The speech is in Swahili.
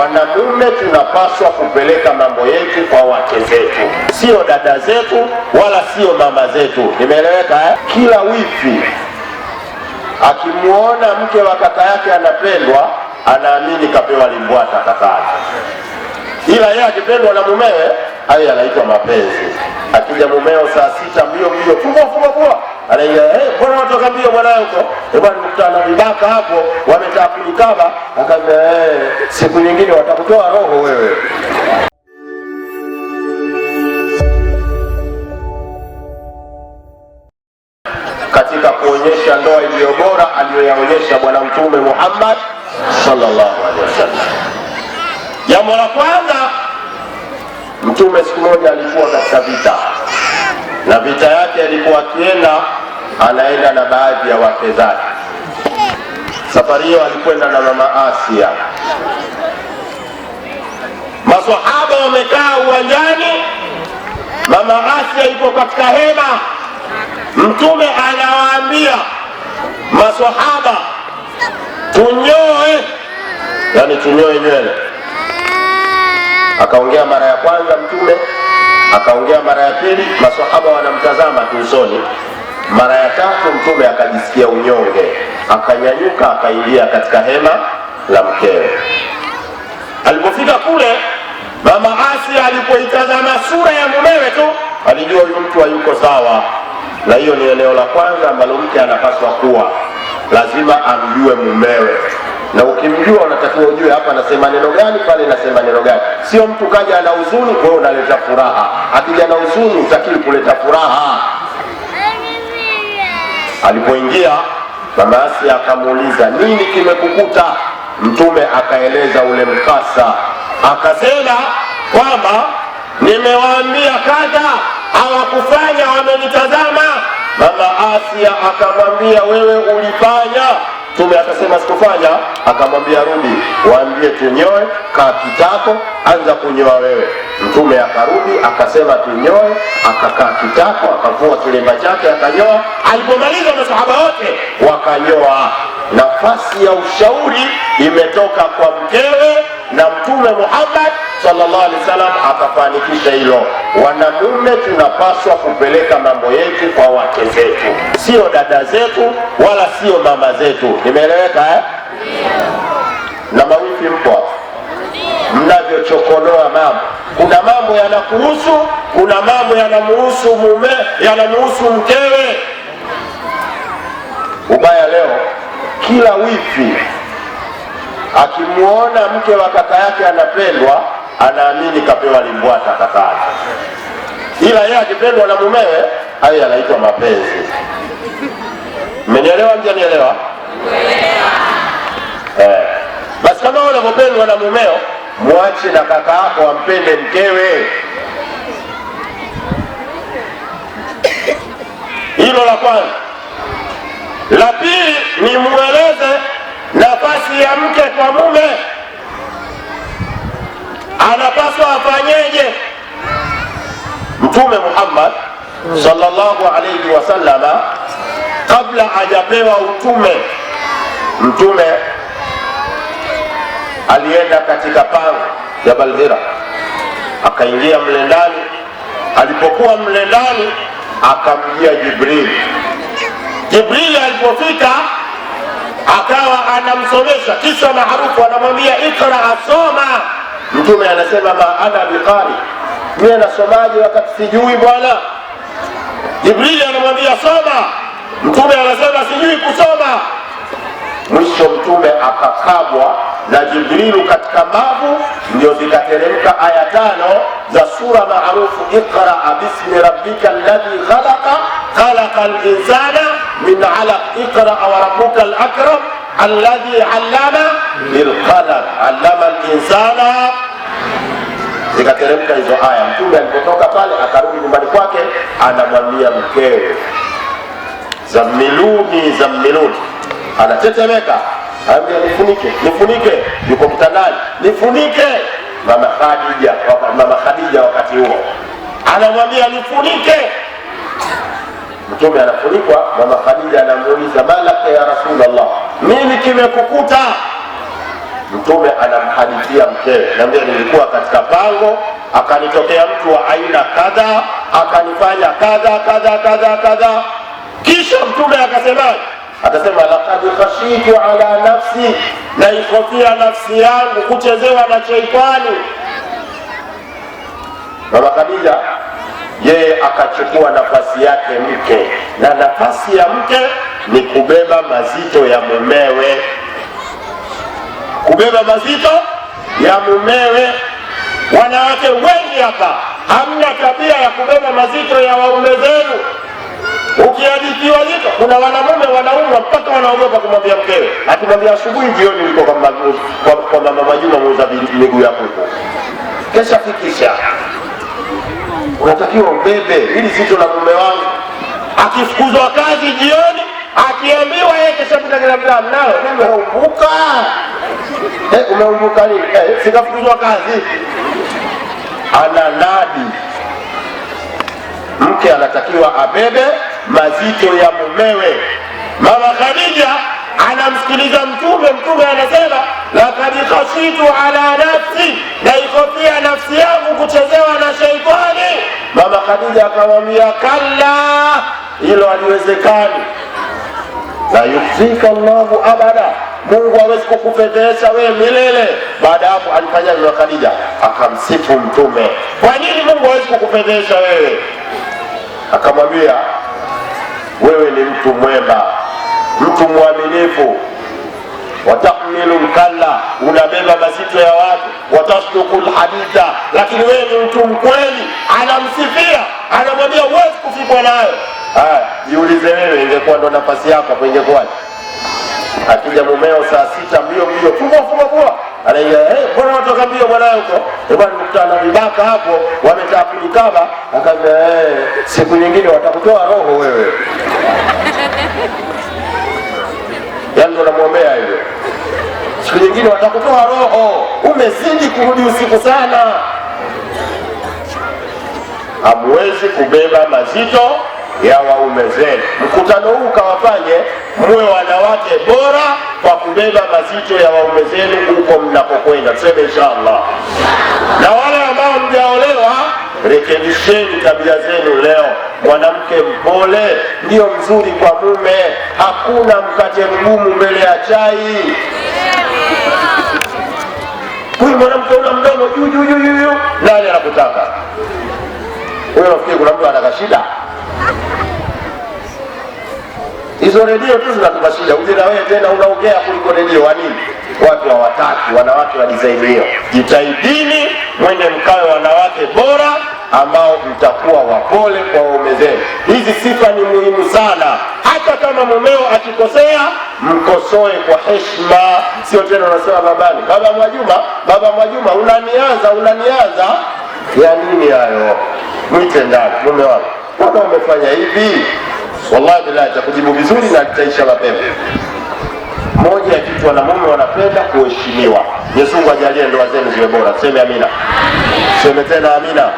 Wanadume tunapaswa kupeleka mambo yetu kwa wake zetu, sio dada zetu wala sio mama zetu. Nimeeleweka eh? Kila wifi akimwona mke wa kaka yake anapendwa, anaamini kapewa limbwata kaka ila yeye akipendwa na mumewe, hayo yanaitwa mapenzi. Akija mumeo saa sita mbio mbio, fua fua fua Eh, mbona watu wakambia bwana yuko eh, bwana, mkutana vibaka hapo wametaka kunikaba. eh, siku nyingine watakutoa roho wewe. Katika kuonyesha ndoa iliyo bora aliyoyaonyesha Bwana Mtume Muhammad sallallahu alaihi wasallam, jambo la kwanza, Mtume siku moja alikuwa katika vita na vita yake alikuwa akienda anaenda na baadhi ya wake zake. Safari hiyo alikwenda na mama Asia. Maswahaba wamekaa uwanjani, mama Asia yuko katika hema. Mtume anawaambia maswahaba, tunyoe, yani tunyoe nywele. Akaongea mara ya kwanza Mtume Akaongea mara ya pili, maswahaba wanamtazama tu usoni. Mara ya tatu Mtume akajisikia unyonge, akanyanyuka akaingia katika hema la mkewe. Alipofika kule, mama Asia alipoitazama sura ya mumewe tu alijua huyu mtu hayuko sawa, na hiyo ni eneo la kwanza ambalo mke anapaswa kuwa lazima amjue mumewe na ukimjua unatakiwa ujue hapa anasema neno gani, pale nasema neno gani. Sio mtu kaja ana huzuni, kwa hiyo unaleta furaha. Akija na huzuni, utakiwi kuleta furaha. Alipoingia mama Asia akamuuliza nini kimekukuta? Mtume akaeleza ule mkasa, akasema kwamba nimewaambia kadha, hawakufanya wamenitazama. Mama Asia akamwambia wewe ulipa Tume akasema sikufanya, akamwambia rudi, waambie tunyoe, kaa kitako, anza kunyoa wewe. Mtume akarudi akasema tunyoe, akakaa kitako, akavua kilemba chake akanyoa. Alipomaliza masahaba wote wakanyoa. Nafasi ya ushauri imetoka kwa mkewe na Mtume Muhammad sallallahu alaihi wasallam akafanikisha hilo. Wanamume tunapaswa kupeleka mambo yetu kwa wake zetu, sio dada zetu wala sio mama zetu. Imeeleweka eh? na mawifi mpo mnavyochokonoa mambo. Kuna mambo yanakuhusu, kuna mambo yanamuhusu mume, yanamuhusu mkewe. Ubaya leo kila wifi akimwona mke wa kaka yake anapendwa anaamini kapewa limbwata kakaa, ila yeye akipendwa na mumewe, hayo yanaitwa mapenzi. Mmenielewa? Mjanielewa? Eh, basi kama unavyopendwa na mumeo, mwache na kaka yako ampende mkewe. Hilo la kwanza. La pili ni mweleze nafasi ya mke kwa mume anapaswa afanyeje? Mtume Muhammad sallallahu alaihi wasallama kabla hajapewa utume, mtume alienda katika pango ya Balhira akaingia mle ndani. Alipokuwa mle ndani, akamjia Jibrili. Jibrili alipofika akawa anamsomesha, kisa maarufu anamwambia ikra, asoma Mtume anasema ma ana biqari, mi anasomaji wakati sijui bwana? Jibrili anamwambia soma. Mtume anasema sijui kusoma. Mwisho mtume akakabwa na Jibrilu katika mavu, ndio zikateremka aya tano za sura maarufu Iqraa bismi rabbika alladhi khalaqa khalaqa linsana min alaq, Iqraa wa rabbuka al alladhi allama bilqalam allama linsana. Zikateremka hizo aya, mtume alipotoka pale akarudi nyumbani kwake, anamwambia mkewe zammiluni, zammiluni, anatetemeka ambia nifunike, nifunike, yuko kitandani, nifunike. Mama Khadija, mama Khadija wakati huo anamwambia nifunike, mtume anafunikwa. Mama Khadija anamuuliza malaka ya nini kimekukuta? Mtume anamhadithia mkewe, naambia nilikuwa katika pango, akanitokea mtu wa aina kadha, akanifanya kadha kadha kadha kadha. Kisha Mtume akasema akasema lakad khashitu ala nafsi, naikofia nafsi yangu kuchezewa na sheitani. Mama Khadija yeye akachukua nafasi yake mke, na nafasi ya mke ni kubeba mazito ya mumewe, kubeba mazito ya mumewe. Wanawake wengi hapa hamna tabia ya kubeba mazito ya waume zenu. Ukiadikiwa zito, kuna wanamume wanaumwa mpaka wanaogopa kumwambia mkewe, akimwambia asubuhi, jioni niko kwa mama Majuma muuza miguu ya kuku, kesha fikisha. Unatakiwa ubebe hili zito la mume wangu, akifukuzwa kazi jioni akiambiwa yeye kesho kutakia mlamu nalo umeumbuka. Eh, umeumbuka nini? Eh, sikafukuzwa kazi. Ana nadi mke anatakiwa abebe mazito ya mumewe. Mama Khadija anamsikiliza Mtume. Mtume anasema lakad khashitu ala nafsi, naikofia nafsi yangu kuchezewa na sheitani. Mama Khadija akamwambia kalla, hilo haliwezekani la yukzika llahu abada, Mungu hawezi kukufedhesha wewe milele. Baada yapo alifanya vya Khadija, akamsifu Mtume, kwa nini Mungu hawezi kukufedhesha wewe? Akamwambia, wewe ni mtu mwema, mtu mwaminifu watahmilu lkalla, unabeba mazito ya watu, watasduku lhadida lakini wewe ni mtu mkweli. Anamsifia, anamwambia wezi kufikwa nayo Haya, jiulize wewe, ingekuwa ndo nafasi yako hapo ingekuwaje? Akija mumeo saa sita mbio mbio, fumba fumba fumba, anaingia eh, mbona watu mbio bwana huko? bwana mkutana vibaka hapo, wametapuli kama, akaambia eh, siku nyingine watakutoa roho wewe. yani ndo namwombea hivyo. Siku nyingine watakutoa roho, umezidi kurudi usiku sana. Hamwezi kubeba mazito ya waume zenu. Mkutano huu kawafanye muwe wanawake bora kwa kubeba mazito ya waume zenu huko mnapokwenda, tuseme inshallah. Na wale ambao mjaolewa, rekebisheni tabia zenu leo. Mwanamke mpole ndiyo mzuri kwa mume, hakuna mkate mgumu mbele ya chai. Huyu mwanamke una mdomo juu juu juu juu, nani anakutaka? Huyo nafikiri kuna mtu anakashida shida Hizo redio tu zinatupashisha ujira, wewe tena unaongea kuliko redio. Wa nini? Watu hawataki wanawake wa design hiyo. Jitahidini mwende mkawe wanawake bora ambao mtakuwa wapole kwa waume zenu. Hizi sifa ni muhimu sana. Hata kama mumeo akikosea, mkosoe kwa heshima, sio tena unasema babani, baba Mwajuma, baba Mwajuma, unanianza unanianza ya nini hayo? Mwite ndani mume wako kama umefanya hivi, wallahi billahi atakujibu vizuri na kitaisha mapema. Moja ya kitu wanamume wanapenda kuheshimiwa. Mwenyezi Mungu ajalie ndoa zenu ziwe bora. Seme amina, seme tena amina.